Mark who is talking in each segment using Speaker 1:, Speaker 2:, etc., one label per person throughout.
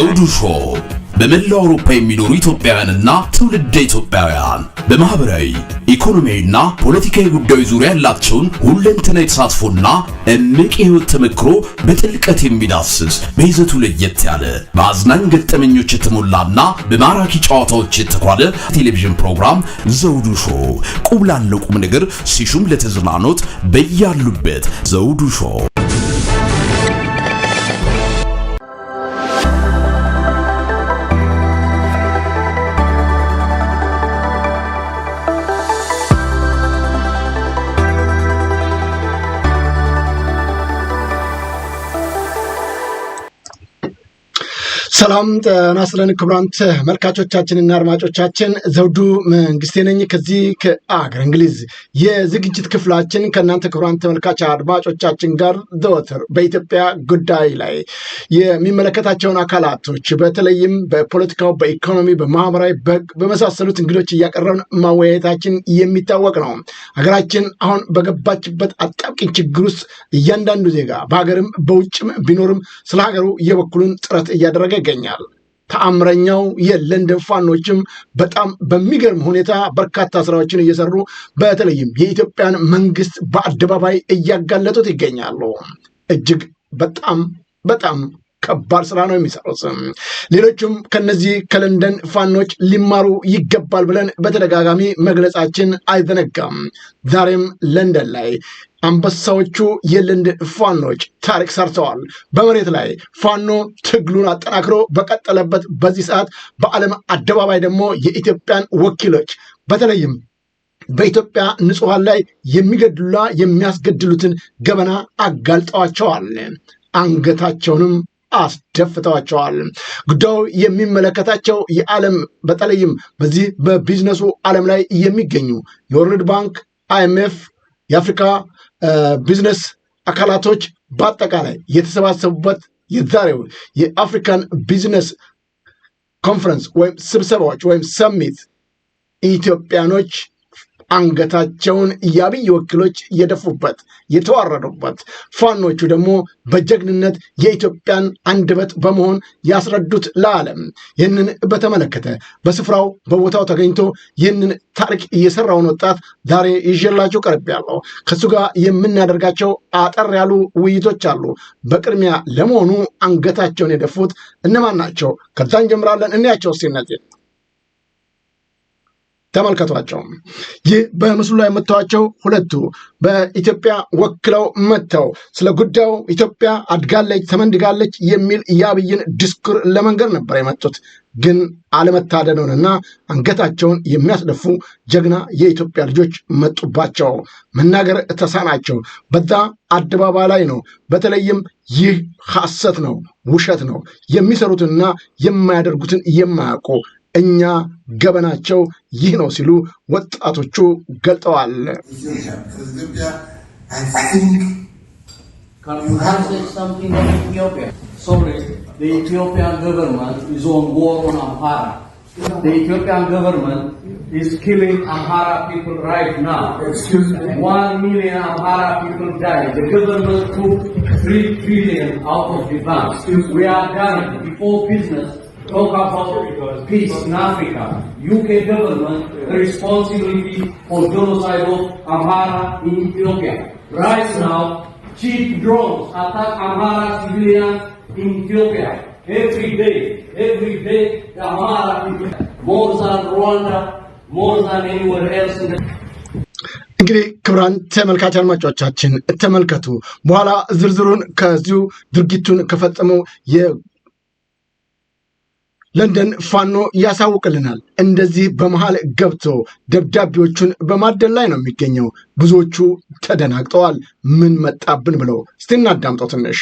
Speaker 1: ዘውዱ ሾው በመላው አውሮፓ የሚኖሩ ኢትዮጵያውያንና ትውልደ ኢትዮጵያውያን በማህበራዊ ኢኮኖሚያዊና ፖለቲካዊ ጉዳዮች ዙሪያ ያላቸውን ሁለንተና የተሳትፎና እምቅ የህይወት ተመክሮ በጥልቀት የሚዳስስ በይዘቱ ለየት ያለ በአዝናኝ ገጠመኞች የተሞላና በማራኪ ጨዋታዎች የተኳለ ቴሌቪዥን ፕሮግራም ዘውዱ ሾው ቁም ላለው ቁም ነገር ሲሹም ለተዝናኖት በያሉበት ዘውዱ ሾው
Speaker 2: ሰላም ጤና ይስጥልን ክቡራን ተመልካቾቻችንና አድማጮቻችን ዘውዱ መንግስቴ ነኝ ከዚህ ከአገር እንግሊዝ የዝግጅት ክፍላችን ከእናንተ ክቡራን ተመልካች አድማጮቻችን ጋር ዘወትር በኢትዮጵያ ጉዳይ ላይ የሚመለከታቸውን አካላቶች በተለይም በፖለቲካው፣ በኢኮኖሚ፣ በማህበራዊ በመሳሰሉት እንግዶች እያቀረብን ማወያየታችን የሚታወቅ ነው። ሀገራችን አሁን በገባችበት አጣብቂኝ ችግር ውስጥ እያንዳንዱ ዜጋ በሀገርም በውጭም ቢኖርም ስለ ሀገሩ የበኩሉን ጥረት እያደረገ ይገኛል። ተአምረኛው የለንደን ፋኖችም በጣም በሚገርም ሁኔታ በርካታ ስራዎችን እየሰሩ በተለይም የኢትዮጵያን መንግስት በአደባባይ እያጋለጡት ይገኛሉ። እጅግ በጣም በጣም ከባድ ስራ ነው የሚሰሩት። ሌሎችም ከነዚህ ከለንደን ፋኖች ሊማሩ ይገባል ብለን በተደጋጋሚ መግለጻችን አይዘነጋም። ዛሬም ለንደን ላይ አንበሳዎቹ የለንደን ፋኖች ታሪክ ሰርተዋል። በመሬት ላይ ፋኖ ትግሉን አጠናክሮ በቀጠለበት በዚህ ሰዓት በዓለም አደባባይ ደግሞ የኢትዮጵያን ወኪሎች በተለይም በኢትዮጵያ ንጹሐን ላይ የሚገድሉና የሚያስገድሉትን ገበና አጋልጠዋቸዋል። አንገታቸውንም አስደፍተዋቸዋል። ጉዳዩ የሚመለከታቸው የዓለም በተለይም በዚህ በቢዝነሱ ዓለም ላይ የሚገኙ የወርልድ ባንክ፣ አይኤምኤፍ፣ የአፍሪካ ቢዝነስ አካላቶች በአጠቃላይ የተሰባሰቡበት የዛሬው የአፍሪካን ቢዝነስ ኮንፈረንስ ወይም ስብሰባዎች ወይም ሰሚት ኢትዮጵያኖች አንገታቸውን የአብይ ወኪሎች የደፉበት የተዋረዱበት፣ ፋኖቹ ደግሞ በጀግንነት የኢትዮጵያን አንደበት በመሆን ያስረዱት ለዓለም። ይህንን በተመለከተ በስፍራው በቦታው ተገኝቶ ይህንን ታሪክ እየሰራውን ወጣት ዛሬ ይዤላችሁ ቀርቤያለሁ። ከሱ ጋር የምናደርጋቸው አጠር ያሉ ውይይቶች አሉ። በቅድሚያ ለመሆኑ አንገታቸውን የደፉት እነማን ናቸው? ከዛ እንጀምራለን። እንያቸው ሲነት ተመልከቷቸው። ይህ በምስሉ ላይ የምታዋቸው ሁለቱ በኢትዮጵያ ወክለው መጥተው ስለ ጉዳዩ ኢትዮጵያ አድጋለች፣ ተመንድጋለች የሚል የአብይን ዲስኩር ለመንገር ነበር የመጡት። ግን አለመታደኑንና አንገታቸውን የሚያስደፉ ጀግና የኢትዮጵያ ልጆች መጡባቸው። መናገር ተሳናቸው። በዛ አደባባይ ላይ ነው። በተለይም ይህ ሐሰት ነው፣ ውሸት ነው የሚሰሩትንና የማያደርጉትን የማያውቁ እኛ ገበናቸው ይህ ነው ሲሉ ወጣቶቹ ገልጠዋል። broke out peace in Africa. UK government the responsibility for genocide of Amhara in Ethiopia. Right now, cheap drones attack Amhara civilians in Ethiopia. Every day, every day, the Amhara people, more than Rwanda, more than anywhere else in the እንግዲህ ክብራን ተመልካች አድማጮቻችን ተመልከቱ። በኋላ ዝርዝሩን ከዚሁ ድርጊቱን ከፈጸመው ለንደን ፋኖ ያሳውቅልናል። እንደዚህ በመሃል ገብቶ ደብዳቤዎቹን በማደል ላይ ነው የሚገኘው። ብዙዎቹ ተደናግጠዋል። ምን መጣብን ብለው እስቲ እናዳምጠው ትንሽ።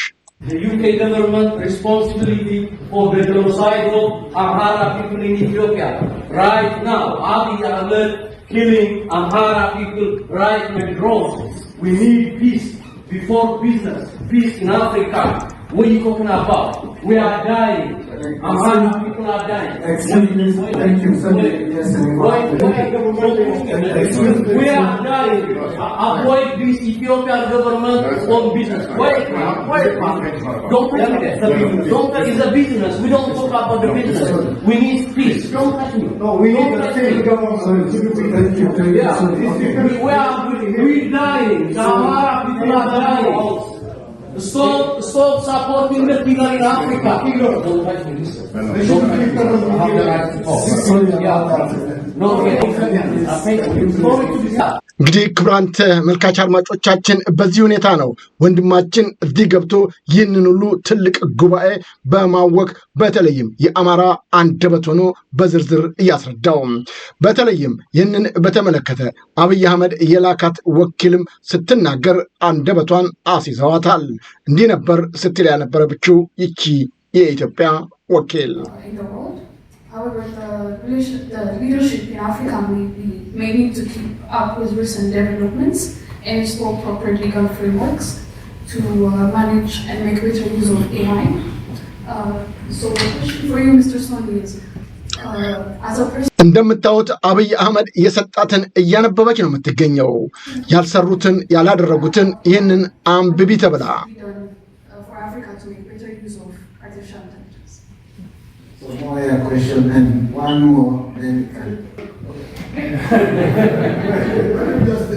Speaker 2: ፒስ ቢፎር ቢዝነስ ፒስ ኢን አፍሪካ We talking about? We are dying. I'm people are dying. Excuse me. Thank you, sir. Yes, why, why government? We are dying. Avoid this Ethiopian government on business. Why? Why? Don't touch me. Don't touch. It's a business. We don't talk about the business. We need peace. Don't touch me. No, we need to change government. Thank you. Thank you. We are we dying. Sahara people are dying. So supporting the people in Africa. እንግዲህ ክቡራን ተመልካች አድማጮቻችን በዚህ ሁኔታ ነው ወንድማችን እዚህ ገብቶ ይህንን ሁሉ ትልቅ ጉባኤ በማወቅ በተለይም የአማራ አንደበት ሆኖ በዝርዝር እያስረዳው በተለይም ይህንን በተመለከተ አብይ አህመድ የላካት ወኪልም ስትናገር አንደበቷን አስይዘዋታል። እንዲህ ነበር ስትል ያነበረብችው ይቺ የኢትዮጵያ ወኪል እንደምታዩት አብይ አህመድ የሰጣትን እያነበበች ነው የምትገኘው። ያልሰሩትን ያላደረጉትን ይህንን አንብቢ ተብላ Africa to make better use of artificial intelligence. So more a question and one more. Then just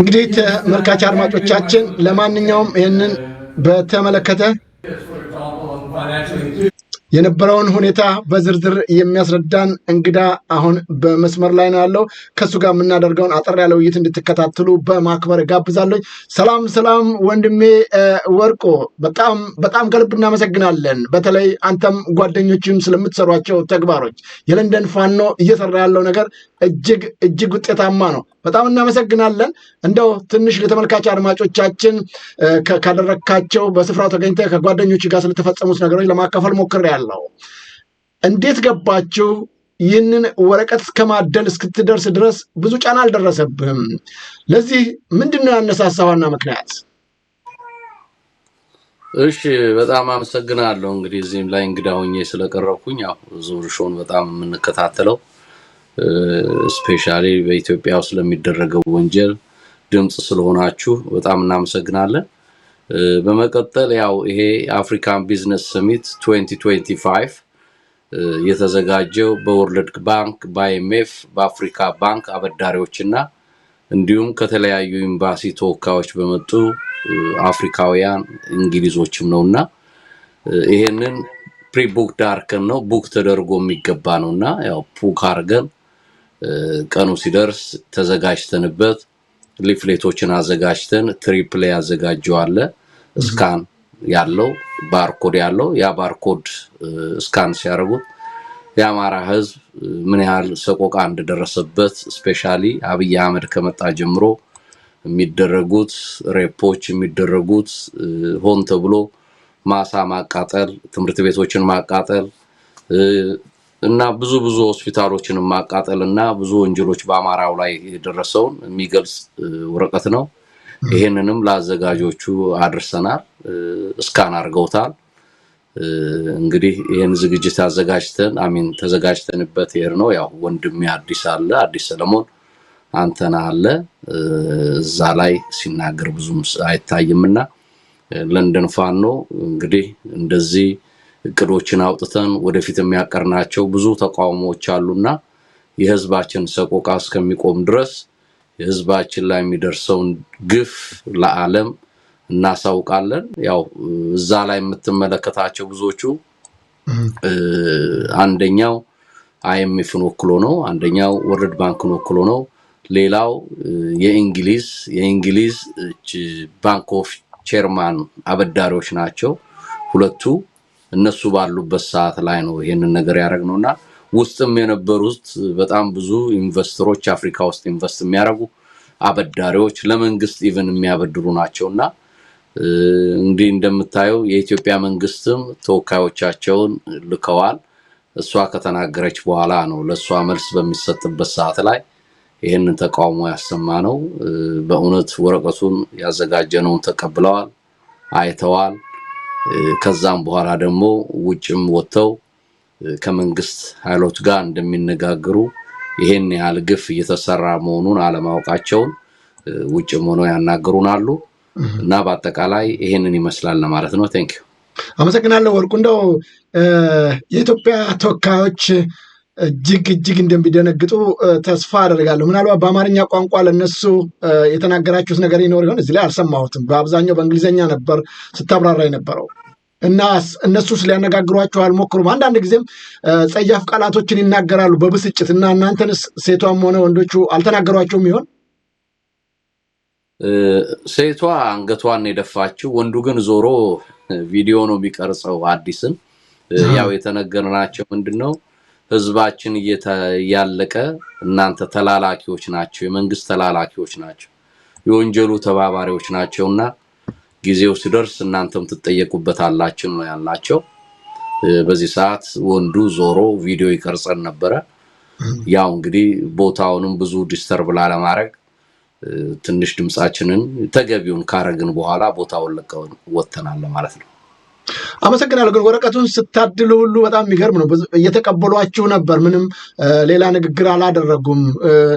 Speaker 2: እንግዲህ ተመልካች አድማጮቻችን ለማንኛውም ይህንን በተመለከተ የነበረውን ሁኔታ በዝርዝር የሚያስረዳን እንግዳ አሁን በመስመር ላይ ነው ያለው። ከእሱ ጋር የምናደርገውን አጠር ያለ ውይይት እንድትከታተሉ በማክበር ጋብዛለኝ። ሰላም ሰላም፣ ወንድሜ ወርቆ በጣም በጣም ከልብ እናመሰግናለን። በተለይ አንተም ጓደኞችም ስለምትሰሯቸው ተግባሮች የለንደን ፋኖ እየሰራ ያለው ነገር እጅግ እጅግ ውጤታማ ነው። በጣም እናመሰግናለን። እንደው ትንሽ ለተመልካች አድማጮቻችን ካደረግካቸው በስፍራው ተገኝተ ከጓደኞች ጋር ስለተፈጸሙት ነገሮች ለማካፈል ሞክሬያለሁ። ነው። እንዴት ገባችሁ? ይህንን ወረቀት እስከማደል እስክትደርስ ድረስ ብዙ ጫና አልደረሰብህም። ለዚህ ምንድን ነው ያነሳሳ ዋና ምክንያት?
Speaker 3: እሺ በጣም አመሰግናለሁ። እንግዲህ እዚህም ላይ እንግዳ ሆኜ ስለቀረብኩኝ ያው ዙር ሾን በጣም የምንከታተለው ስፔሻሊ በኢትዮጵያ ውስጥ ለሚደረገው ወንጀል ድምፅ ስለሆናችሁ በጣም እናመሰግናለን። በመቀጠል ያው ይሄ አፍሪካን ቢዝነስ ሰሚት 2025 የተዘጋጀው በወርልድ ባንክ በአይኤምኤፍ በአፍሪካ ባንክ አበዳሪዎች እና እንዲሁም ከተለያዩ ኤምባሲ ተወካዮች በመጡ አፍሪካውያን እንግሊዞችም ነው እና ይሄንን ፕሪቡክ ዳርከን ነው ቡክ ተደርጎ የሚገባ ነው እና ያው ቡክ አርገን ቀኑ ሲደርስ ተዘጋጅተንበት ሊፍሌቶችን አዘጋጅተን ትሪፕሌ ያዘጋጀዋለ ስካን ያለው ባርኮድ ያለው ያ ባርኮድ ስካን ሲያደርጉት የአማራ ህዝብ ምን ያህል ሰቆቃ እንደደረሰበት ስፔሻሊ አብይ አህመድ ከመጣ ጀምሮ የሚደረጉት ሬፖች የሚደረጉት ሆን ተብሎ ማሳ ማቃጠል፣ ትምህርት ቤቶችን ማቃጠል እና ብዙ ብዙ ሆስፒታሎችን ማቃጠል እና ብዙ ወንጀሎች በአማራው ላይ የደረሰውን የሚገልጽ ወረቀት ነው። ይህንንም ለአዘጋጆቹ አድርሰናል። እስካን አድርገውታል። እንግዲህ ይህን ዝግጅት አዘጋጅተን አሚን ተዘጋጅተንበት ይሄድ ነው። ያው ወንድሜ አዲስ አለ አዲስ ሰለሞን አንተና አለ እዛ ላይ ሲናገር ብዙም አይታይምና ለንደን ፋኖ እንግዲህ እንደዚህ እቅዶችን አውጥተን ወደፊት የሚያቀርናቸው ብዙ ተቃውሞዎች አሉና የህዝባችን ሰቆቃ እስከሚቆም ድረስ የህዝባችን ላይ የሚደርሰውን ግፍ ለዓለም እናሳውቃለን። ያው እዛ ላይ የምትመለከታቸው ብዙዎቹ አንደኛው አይኤምኤፍን ወክሎ ነው። አንደኛው ወርልድ ባንክን ወክሎ ነው። ሌላው የእንግሊዝ የእንግሊዝ ባንክ ኦፍ ቼርማን አበዳሪዎች ናቸው ሁለቱ እነሱ ባሉበት ሰዓት ላይ ነው ይሄንን ነገር ያደረግ ነው እና ውስጥም የነበሩት በጣም ብዙ ኢንቨስተሮች አፍሪካ ውስጥ ኢንቨስት የሚያደርጉ አበዳሪዎች ለመንግስት ኢቨን የሚያበድሩ ናቸው እና እንዲህ እንደምታየው የኢትዮጵያ መንግስትም ተወካዮቻቸውን ልከዋል። እሷ ከተናገረች በኋላ ነው ለእሷ መልስ በሚሰጥበት ሰዓት ላይ ይህንን ተቃውሞ ያሰማ ነው። በእውነት ወረቀቱን ያዘጋጀነውን ተቀብለዋል፣ አይተዋል። ከዛም በኋላ ደግሞ ውጭም ወጥተው ከመንግስት ኃይሎች ጋር እንደሚነጋገሩ ይሄን ያህል ግፍ እየተሰራ መሆኑን አለማወቃቸውን ውጭም ሆነው ያናገሩን አሉ እና በአጠቃላይ ይሄንን ይመስላል ለማለት ነው። ቴንክ
Speaker 2: አመሰግናለሁ ወርቁ። እንደው የኢትዮጵያ ተወካዮች እጅግ እጅግ እንደሚደነግጡ ተስፋ አደርጋለሁ። ምናልባት በአማርኛ ቋንቋ ለነሱ የተናገራችሁት ነገር ይኖር ይሆን? እዚህ ላይ አልሰማሁትም። በአብዛኛው በእንግሊዝኛ ነበር ስታብራራ የነበረው እና እነሱስ ሊያነጋግሯችሁ አልሞክሩም? አንዳንድ ጊዜም ጸያፍ ቃላቶችን ይናገራሉ በብስጭት እና እናንተንስ ሴቷም ሆነ ወንዶቹ አልተናገሯቸውም ይሆን?
Speaker 3: ሴቷ አንገቷን የደፋችው፣ ወንዱ ግን ዞሮ ቪዲዮ ነው የሚቀርጸው። አዲስን ያው የተነገርናቸው ምንድን ነው ህዝባችን እያለቀ እናንተ ተላላኪዎች ናቸው፣ የመንግስት ተላላኪዎች ናቸው፣ የወንጀሉ ተባባሪዎች ናቸውና ጊዜው ሲደርስ እናንተም ትጠየቁበት አላችሁ ነው ያላቸው። በዚህ ሰዓት ወንዱ ዞሮ ቪዲዮ ይቀርጸን ነበረ። ያው እንግዲህ ቦታውንም ብዙ ዲስተርብ ላለማድረግ ትንሽ ድምፃችንን ተገቢውን ካረግን በኋላ ቦታውን ለቀውን ወጥተናል ማለት ነው።
Speaker 2: አመሰግናለሁ። ግን ወረቀቱን ስታድል ሁሉ በጣም የሚገርም ነው። እየተቀበሏችሁ ነበር፣ ምንም ሌላ ንግግር አላደረጉም።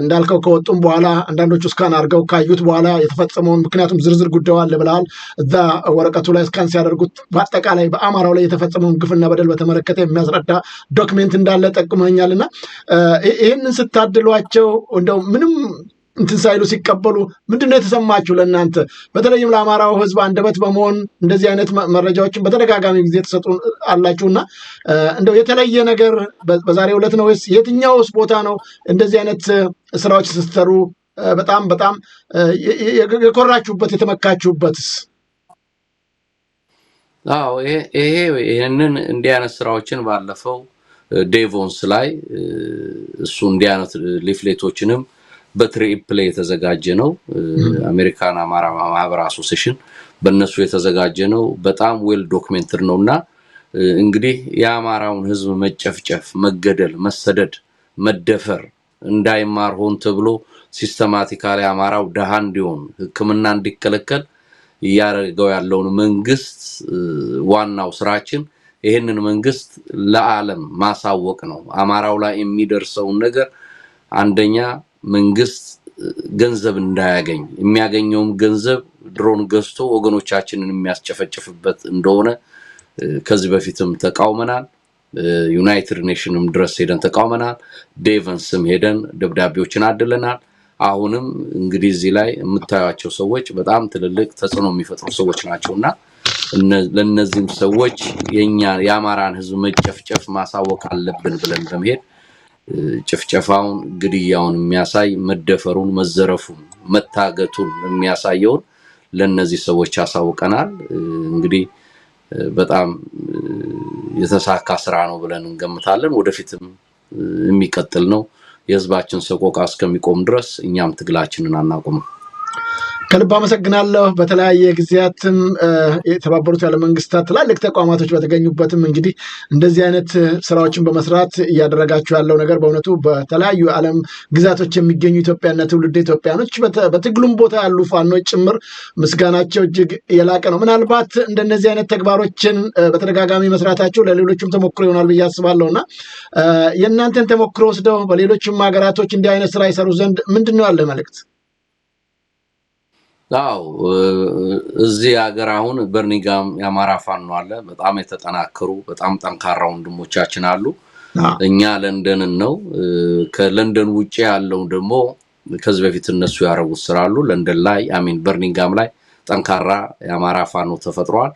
Speaker 2: እንዳልከው ከወጡም በኋላ አንዳንዶቹ እስካን አድርገው ካዩት በኋላ የተፈጸመውን ምክንያቱም ዝርዝር ጉዳዩ አለ ብለሃል። እዛ ወረቀቱ ላይ እስካን ሲያደርጉት በአጠቃላይ በአማራው ላይ የተፈጸመውን ግፍና በደል በተመለከተ የሚያስረዳ ዶክሜንት እንዳለ ጠቅመኛል እና ይህንን ስታድሏቸው እንደው ምንም እንትን ሳይሉ ሲቀበሉ ምንድን ነው የተሰማችሁ? ለእናንተ በተለይም ለአማራው ህዝብ አንደበት በመሆን እንደዚህ አይነት መረጃዎችን በተደጋጋሚ ጊዜ ተሰጡ አላችሁና እንደው የተለየ ነገር በዛሬው ዕለት ነው ወይስ የትኛውስ ቦታ ነው እንደዚህ አይነት ስራዎች ስትሰሩ በጣም በጣም የኮራችሁበት የተመካችሁበትስ?
Speaker 3: አዎ ይሄ ይህንን እንዲህ አይነት ስራዎችን ባለፈው ዴቮንስ ላይ እሱ እንዲህ አይነት ሊፍሌቶችንም በትሪፕል የተዘጋጀ ነው። አሜሪካን አማራ ማህበር አሶሴሽን በእነሱ የተዘጋጀ ነው። በጣም ዌል ዶክሜንትድ ነው እና እንግዲህ የአማራውን ህዝብ መጨፍጨፍ፣ መገደል፣ መሰደድ፣ መደፈር እንዳይማር ሆን ተብሎ ሲስተማቲካሊ አማራው ደሃ እንዲሆን ሕክምና እንዲከለከል እያደረገው ያለውን መንግስት ዋናው ስራችን ይህንን መንግስት ለዓለም ማሳወቅ ነው። አማራው ላይ የሚደርሰውን ነገር አንደኛ መንግስት ገንዘብ እንዳያገኝ የሚያገኘውም ገንዘብ ድሮን ገዝቶ ወገኖቻችንን የሚያስጨፈጭፍበት እንደሆነ ከዚህ በፊትም ተቃውመናል። ዩናይትድ ኔሽንም ድረስ ሄደን ተቃውመናል። ዴቨንስም ሄደን ደብዳቤዎችን አድለናል። አሁንም እንግዲህ እዚህ ላይ የምታዩቸው ሰዎች በጣም ትልልቅ ተጽዕኖ የሚፈጥሩ ሰዎች ናቸው እና ለእነዚህም ሰዎች የኛ የአማራን ህዝብ መጨፍጨፍ ማሳወቅ አለብን ብለን በመሄድ ጭፍጨፋውን፣ ግድያውን የሚያሳይ መደፈሩን፣ መዘረፉን፣ መታገቱን የሚያሳየውን ለእነዚህ ሰዎች ያሳውቀናል። እንግዲህ በጣም የተሳካ ስራ ነው ብለን እንገምታለን። ወደፊትም የሚቀጥል ነው። የህዝባችን ሰቆቃ እስከሚቆም ድረስ እኛም ትግላችንን አናቆምም።
Speaker 2: ከልብ አመሰግናለሁ። በተለያየ ጊዜያትም የተባበሩት ያለ መንግስታት ትላልቅ ተቋማቶች በተገኙበትም እንግዲህ እንደዚህ አይነት ስራዎችን በመስራት እያደረጋችሁ ያለው ነገር በእውነቱ በተለያዩ ዓለም ግዛቶች የሚገኙ ኢትዮጵያና ትውልድ ኢትዮጵያኖች በትግሉም ቦታ ያሉ ፋኖች ጭምር ምስጋናቸው እጅግ የላቀ ነው። ምናልባት እንደነዚህ አይነት ተግባሮችን በተደጋጋሚ መስራታቸው ለሌሎችም ተሞክሮ ይሆናል ብዬ አስባለሁ እና የእናንተን ተሞክሮ ወስደው በሌሎችም ሀገራቶች እንዲህ አይነት ስራ ይሰሩ ዘንድ ምንድን ነው ያለ መልእክት?
Speaker 3: አው እዚህ ሀገር አሁን በርኒጋም የአማራ ፋኖ አለ። በጣም የተጠናከሩ በጣም ጠንካራ ወንድሞቻችን አሉ። እኛ ለንደንን ነው። ከለንደን ውጭ ያለው ደግሞ ከዚህ በፊት እነሱ ያደረጉት ስራ አሉ። ለንደን ላይ አሚን በርኒጋም ላይ ጠንካራ የአማራ ፋኖ ተፈጥሯል።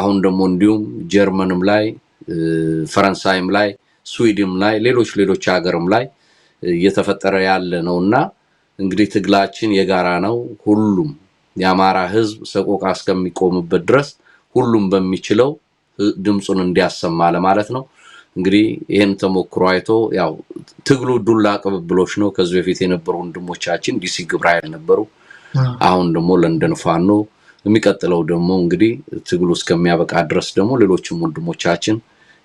Speaker 3: አሁን ደግሞ እንዲሁም ጀርመንም ላይ ፈረንሳይም ላይ ስዊድም ላይ ሌሎች ሌሎች ሀገርም ላይ እየተፈጠረ ያለ ነው እና እንግዲህ ትግላችን የጋራ ነው ሁሉም የአማራ ህዝብ ሰቆቃ እስከሚቆምበት ድረስ ሁሉም በሚችለው ድምፁን እንዲያሰማ ለማለት ነው። እንግዲህ ይህን ተሞክሮ አይቶ ያው ትግሉ ዱላ ቅብብሎች ነው። ከዚህ በፊት የነበሩ ወንድሞቻችን ዲሲ ግብረ ኃይል ነበሩ። አሁን ደግሞ ለንደን ፋኖ፣ የሚቀጥለው ደግሞ እንግዲህ ትግሉ እስከሚያበቃ ድረስ ደግሞ ሌሎችም ወንድሞቻችን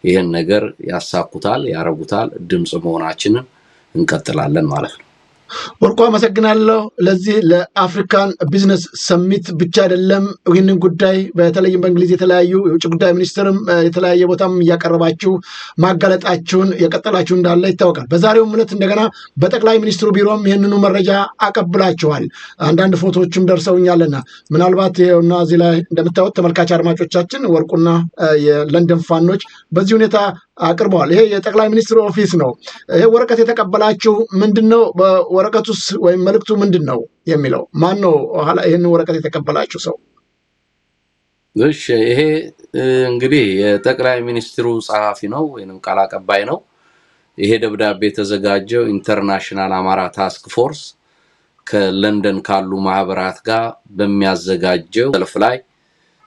Speaker 3: ይህን ነገር ያሳኩታል፣ ያረጉታል። ድምፅ መሆናችንን እንቀጥላለን ማለት ነው።
Speaker 2: ወርቁ አመሰግናለሁ። ለዚህ ለአፍሪካን ቢዝነስ ሰሚት ብቻ አይደለም ይህንን ጉዳይ በተለይም በእንግሊዝ የተለያዩ የውጭ ጉዳይ ሚኒስትርም የተለያየ ቦታም እያቀረባችሁ ማጋለጣችሁን የቀጠላችሁ እንዳለ ይታወቃል። በዛሬውም ዕለት እንደገና በጠቅላይ ሚኒስትሩ ቢሮም ይህንኑ መረጃ አቀብላችኋል። አንዳንድ ፎቶዎችም ደርሰውኛልና ምናልባት ይኸውና እዚህ ላይ እንደምታዩት ተመልካች አድማጮቻችን ወርቁና የለንደን ፋኖች በዚህ ሁኔታ አቅርበዋል። ይሄ የጠቅላይ ሚኒስትሩ ኦፊስ ነው። ይሄ ወረቀት የተቀበላችሁ ምንድን ነው? ወረቀቱስ ወይም መልእክቱ ምንድን ነው የሚለው ማን ነው? ኋላ ይህን ወረቀት የተቀበላችሁ ሰው።
Speaker 3: እሺ ይሄ እንግዲህ የጠቅላይ ሚኒስትሩ ጸሐፊ ነው ወይም ቃል አቀባይ ነው። ይሄ ደብዳቤ የተዘጋጀው ኢንተርናሽናል አማራ ታስክ ፎርስ ከለንደን ካሉ ማህበራት ጋር በሚያዘጋጀው ሰልፍ ላይ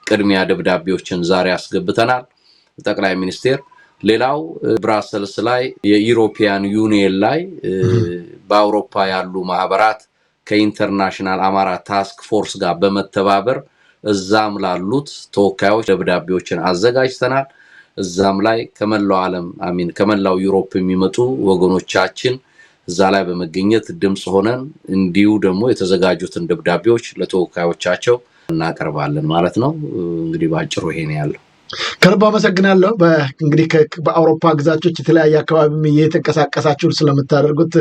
Speaker 3: ቅድሚያ ደብዳቤዎችን ዛሬ አስገብተናል። ጠቅላይ ሚኒስቴር ሌላው ብራሰልስ ላይ የዩሮፒያን ዩኒየን ላይ በአውሮፓ ያሉ ማህበራት ከኢንተርናሽናል አማራ ታስክ ፎርስ ጋር በመተባበር እዛም ላሉት ተወካዮች ደብዳቤዎችን አዘጋጅተናል። እዛም ላይ ከመላው ዓለም አሚን ከመላው ዩሮፕ የሚመጡ ወገኖቻችን እዛ ላይ በመገኘት ድምፅ ሆነን እንዲሁ ደግሞ የተዘጋጁትን ደብዳቤዎች ለተወካዮቻቸው እናቀርባለን ማለት ነው። እንግዲህ በአጭሩ ይሄን ያለው
Speaker 2: ከልብ አመሰግናለሁ። እንግዲህ በአውሮፓ ግዛቶች የተለያየ አካባቢ እየተንቀሳቀሳችሁ ስለምታደርጉት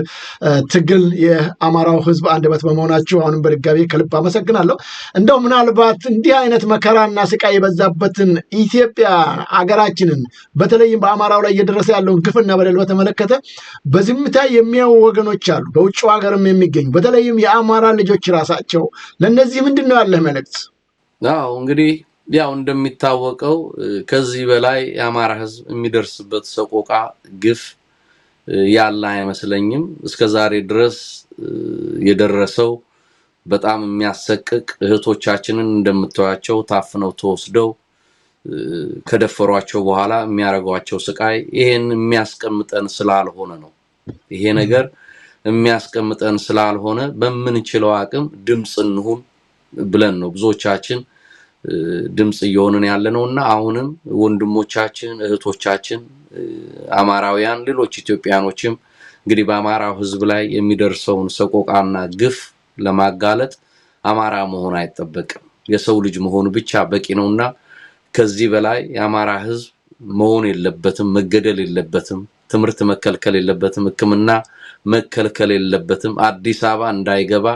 Speaker 2: ትግል የአማራው ሕዝብ አንደበት በመሆናችሁ አሁንም በድጋሚ ከልብ አመሰግናለሁ። እንደው ምናልባት እንዲህ አይነት መከራና ስቃይ የበዛበትን ኢትዮጵያ አገራችንን በተለይም በአማራው ላይ እየደረሰ ያለውን ግፍና በደል በተመለከተ በዝምታ የሚያዩ ወገኖች አሉ፣ በውጭ ሀገርም የሚገኙ በተለይም የአማራ ልጆች ራሳቸው ለእነዚህ ምንድን ነው ያለህ መልእክት?
Speaker 3: አዎ እንግዲህ ያው እንደሚታወቀው ከዚህ በላይ የአማራ ህዝብ የሚደርስበት ሰቆቃ፣ ግፍ ያለ አይመስለኝም። እስከ ዛሬ ድረስ የደረሰው በጣም የሚያሰቅቅ እህቶቻችንን እንደምታዩቸው ታፍነው ተወስደው ከደፈሯቸው በኋላ የሚያደርጓቸው ስቃይ ይሄን የሚያስቀምጠን ስላልሆነ ነው። ይሄ ነገር የሚያስቀምጠን ስላልሆነ በምንችለው አቅም ድምፅ እንሁን ብለን ነው ብዙዎቻችን ድምፅ እየሆንን ያለ ነው እና አሁንም ወንድሞቻችን እህቶቻችን አማራውያን ሌሎች ኢትዮጵያኖችም እንግዲህ በአማራው ህዝብ ላይ የሚደርሰውን ሰቆቃና ግፍ ለማጋለጥ አማራ መሆን አይጠበቅም። የሰው ልጅ መሆኑ ብቻ በቂ ነው እና ከዚህ በላይ የአማራ ህዝብ መሆን የለበትም፣ መገደል የለበትም፣ ትምህርት መከልከል የለበትም፣ ሕክምና መከልከል የለበትም። አዲስ አበባ እንዳይገባ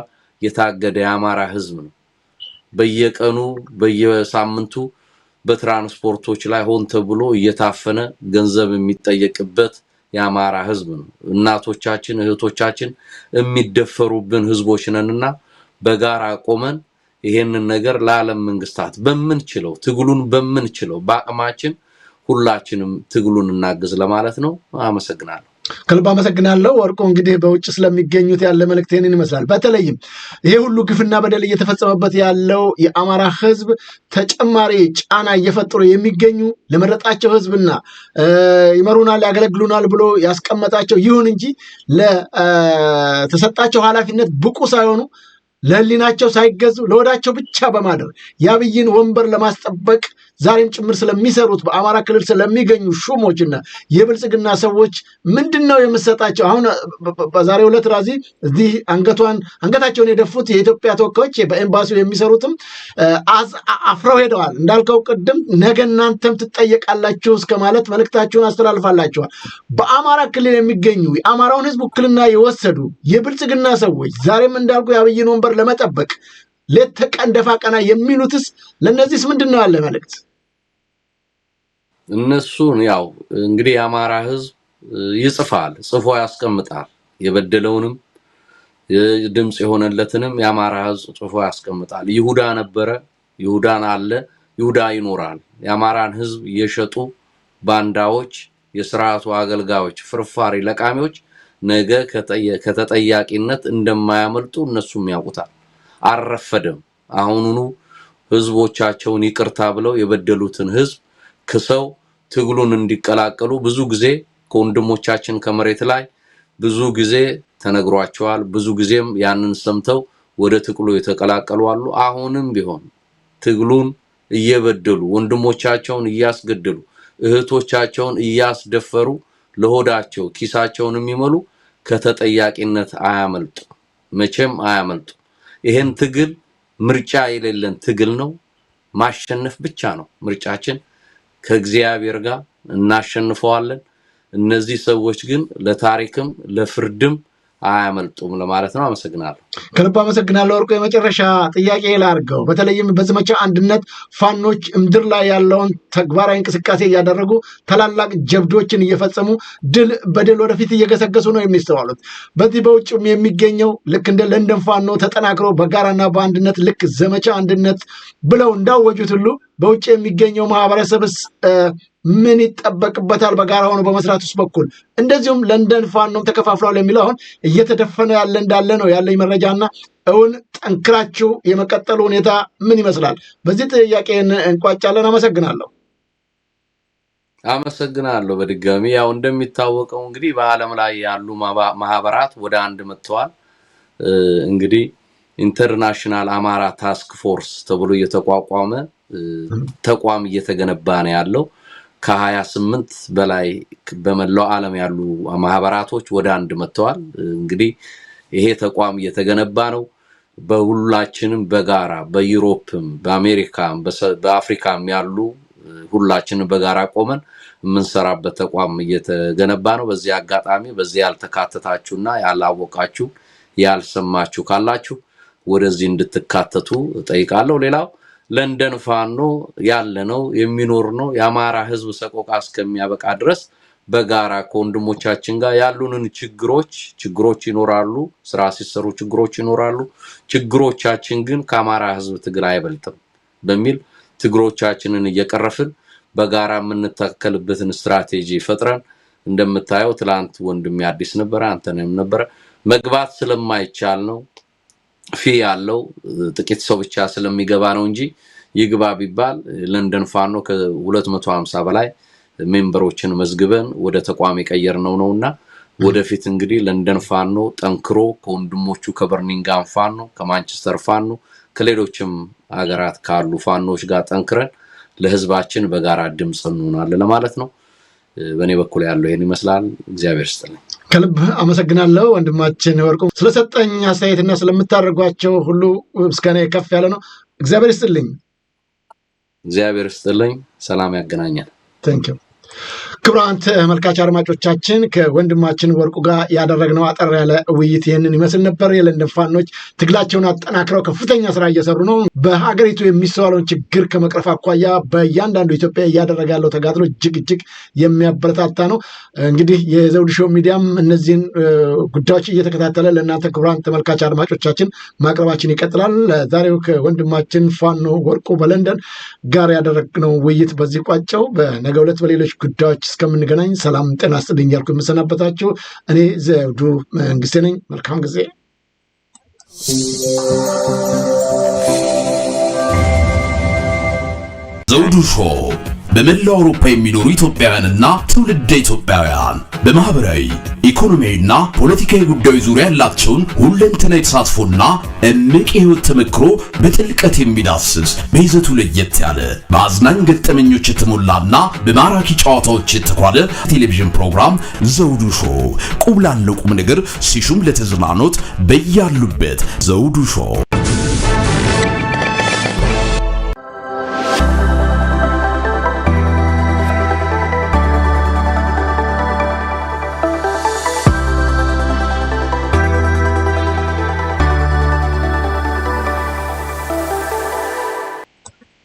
Speaker 3: የታገደ የአማራ ህዝብ ነው። በየቀኑ በየሳምንቱ በትራንስፖርቶች ላይ ሆን ተብሎ እየታፈነ ገንዘብ የሚጠየቅበት የአማራ ህዝብ ነው። እናቶቻችን እህቶቻችን የሚደፈሩብን ህዝቦች ነንና በጋራ ቆመን ይሄንን ነገር ለዓለም መንግስታት በምንችለው ትግሉን በምንችለው በአቅማችን ሁላችንም ትግሉን እናግዝ ለማለት ነው። አመሰግናለሁ።
Speaker 2: ከልብ አመሰግናለሁ ወርቁ። እንግዲህ በውጭ ስለሚገኙት ያለ መልእክት ይህንን ይመስላል። በተለይም ይሄ ሁሉ ግፍና በደል እየተፈጸመበት ያለው የአማራ ህዝብ ተጨማሪ ጫና እየፈጠሩ የሚገኙ ለመረጣቸው ህዝብና ይመሩናል፣ ያገለግሉናል ብሎ ያስቀመጣቸው ይሁን እንጂ ለተሰጣቸው ኃላፊነት ብቁ ሳይሆኑ ለህሊናቸው ሳይገዙ ለወዳቸው ብቻ በማድረግ የአብይን ወንበር ለማስጠበቅ ዛሬም ጭምር ስለሚሰሩት በአማራ ክልል ስለሚገኙ ሹሞችና የብልጽግና ሰዎች ምንድን ነው የምሰጣቸው? አሁን በዛሬ ሁለት ራዚ እዚህ አንገቷን አንገታቸውን የደፉት የኢትዮጵያ ተወካዮች በኤምባሲው የሚሰሩትም አፍረው ሄደዋል። እንዳልከው ቅድም ነገ እናንተም ትጠየቃላችሁ እስከ ማለት መልእክታችሁን አስተላልፋላችኋል። በአማራ ክልል የሚገኙ የአማራውን ህዝብ ውክልና የወሰዱ የብልጽግና ሰዎች ዛሬም እንዳልኩ የአብይን ወንበር ለመጠበቅ ሌት ተቀን ደፋ ቀና የሚሉትስ ለእነዚህስ ምንድን ነው ያለ መልእክት?
Speaker 3: እነሱን ያው እንግዲህ የአማራ ህዝብ ይጽፋል፣ ጽፎ ያስቀምጣል። የበደለውንም ድምፅ የሆነለትንም የአማራ ህዝብ ጽፎ ያስቀምጣል። ይሁዳ ነበረ፣ ይሁዳን አለ፣ ይሁዳ ይኖራል። የአማራን ህዝብ የሸጡ ባንዳዎች፣ የስርዓቱ አገልጋዮች፣ ፍርፋሪ ለቃሚዎች ነገ ከተጠያቂነት እንደማያመልጡ እነሱም ያውቁታል። አረፈደም አሁኑኑ ህዝቦቻቸውን ይቅርታ ብለው የበደሉትን ህዝብ ክሰው ትግሉን እንዲቀላቀሉ ብዙ ጊዜ ከወንድሞቻችን ከመሬት ላይ ብዙ ጊዜ ተነግሯቸዋል። ብዙ ጊዜም ያንን ሰምተው ወደ ትግሉ የተቀላቀሉ አሉ። አሁንም ቢሆን ትግሉን እየበደሉ ወንድሞቻቸውን እያስገደሉ እህቶቻቸውን እያስደፈሩ ለሆዳቸው ኪሳቸውን የሚመሉ ከተጠያቂነት አያመልጡ፣ መቼም አያመልጡ። ይሄን ትግል ምርጫ የሌለን ትግል ነው። ማሸነፍ ብቻ ነው ምርጫችን። ከእግዚአብሔር ጋር እናሸንፈዋለን። እነዚህ ሰዎች ግን ለታሪክም ለፍርድም አያመልጡም ለማለት ነው። አመሰግናለሁ።
Speaker 2: ከልብ አመሰግናለሁ። ወርቁ የመጨረሻ ጥያቄ ላርገው። በተለይም በዘመቻ አንድነት ፋኖች እምድር ላይ ያለውን ተግባራዊ እንቅስቃሴ እያደረጉ ታላላቅ ጀብዶችን እየፈጸሙ ድል በድል ወደፊት እየገሰገሱ ነው የሚስተዋሉት። በዚህ በውጭም የሚገኘው ልክ እንደ ለንደን ፋኖ ተጠናክሮ በጋራና በአንድነት ልክ ዘመቻ አንድነት ብለው እንዳወጁት ሁሉ በውጭ የሚገኘው ማህበረሰብስ ምን ይጠበቅበታል? በጋራ ሆኖ በመስራት ውስጥ በኩል እንደዚሁም ለንደን ፋኖም ተከፋፍለዋል የሚለው አሁን እየተደፈነ ያለ እንዳለ ነው ያለኝ መረጃ ደረጃና እውን ጠንክራችሁ የመቀጠል ሁኔታ ምን ይመስላል? በዚህ ጥያቄን እንቋጫለን። አመሰግናለሁ።
Speaker 3: አመሰግናለሁ በድጋሚ ያው እንደሚታወቀው እንግዲህ በዓለም ላይ ያሉ ማህበራት ወደ አንድ መጥተዋል። እንግዲህ ኢንተርናሽናል አማራ ታስክ ፎርስ ተብሎ እየተቋቋመ ተቋም እየተገነባ ነው ያለው። ከሀያ ስምንት በላይ በመላው ዓለም ያሉ ማህበራቶች ወደ አንድ መጥተዋል እንግዲህ ይሄ ተቋም እየተገነባ ነው። በሁላችንም በጋራ በዩሮፕም፣ በአሜሪካም፣ በአፍሪካም ያሉ ሁላችንም በጋራ ቆመን የምንሰራበት ተቋም እየተገነባ ነው። በዚህ አጋጣሚ በዚህ ያልተካተታችሁና ያላወቃችሁ ያልሰማችሁ ካላችሁ ወደዚህ እንድትካተቱ ጠይቃለሁ። ሌላው ለንደን ፋኖ ያለ ነው የሚኖር ነው የአማራ ሕዝብ ሰቆቃ እስከሚያበቃ ድረስ በጋራ ከወንድሞቻችን ጋር ያሉንን ችግሮች ችግሮች ይኖራሉ። ስራ ሲሰሩ ችግሮች ይኖራሉ። ችግሮቻችን ግን ከአማራ ህዝብ ትግራይ አይበልጥም በሚል ችግሮቻችንን እየቀረፍን በጋራ የምንተከልበትን ስትራቴጂ ፈጥረን እንደምታየው ትላንት ወንድሜ አዲስ ነበረ፣ አንተንም ነበረ። መግባት ስለማይቻል ነው ፊ ያለው ጥቂት ሰው ብቻ ስለሚገባ ነው እንጂ ይግባ ቢባል ለንደን ፋኖ ከ250 በላይ ሜምበሮችን መዝግበን ወደ ተቋም የቀየርነው እና ወደፊት እንግዲህ ለንደን ፋኖ ጠንክሮ ከወንድሞቹ ከበርኒንጋም ፋኖ፣ ከማንቸስተር ፋኖ፣ ከሌሎችም ሀገራት ካሉ ፋኖች ጋር ጠንክረን ለህዝባችን በጋራ ድምፅ እንሆናለን ለማለት ነው። በእኔ በኩል ያለው ይህን ይመስላል። እግዚአብሔር ስጥልኝ።
Speaker 2: ከልብ አመሰግናለሁ ወንድማችን ወርቁ ስለሰጠኝ አስተያየትና ስለምታደርጓቸው ሁሉ ምስጋና ከፍ ያለ ነው። እግዚአብሔር ይስጥልኝ።
Speaker 3: እግዚአብሔር ስጥልኝ። ሰላም ያገናኛል።
Speaker 2: Thank you. ክቡራን ተመልካች አድማጮቻችን ከወንድማችን ወርቁ ጋር ያደረግነው አጠር ያለ ውይይት ይህንን ይመስል ነበር። የለንደን ፋኖች ትግላቸውን አጠናክረው ከፍተኛ ስራ እየሰሩ ነው። በሀገሪቱ የሚስተዋለውን ችግር ከመቅረፍ አኳያ በእያንዳንዱ ኢትዮጵያ እያደረገ ያለው ተጋድሎ እጅግ እጅግ የሚያበረታታ ነው። እንግዲህ የዘውድ ሾው ሚዲያም እነዚህን ጉዳዮች እየተከታተለ ለእናንተ ክቡራን ተመልካች አድማጮቻችን ማቅረባችን ይቀጥላል። ለዛሬው ከወንድማችን ፋኖ ወርቁ በለንደን ጋር ያደረግነው ውይይት በዚህ ቋጨው። በነገ ዕለት በሌሎች ጉዳዮች እስከምንገናኝ ሰላም ጤና ስጥልኝ እያልኩ የምሰናበታችሁ እኔ ዘውዱ መንግስቴ ነኝ። መልካም ጊዜ።
Speaker 1: ዘውዱ ሾው በመላው አውሮፓ የሚኖሩ ኢትዮጵያውያንና ትውልደ ኢትዮጵያውያን በማህበራዊ ኢኮኖሚያዊና ፖለቲካዊ ጉዳዮች ዙሪያ ያላቸውን ሁለንተና ተሳትፎና እምቅ የህይወት ተመክሮ በጥልቀት የሚዳስስ በይዘቱ ለየት ያለ በአዝናኝ ገጠመኞች የተሞላና በማራኪ ጨዋታዎች የተኳለ ቴሌቪዥን ፕሮግራም ዘውዱ ሾው ቁም ላለው ቁም ነገር ሲሹም ለተዝናኖት በያሉበት ዘውዱ ሾው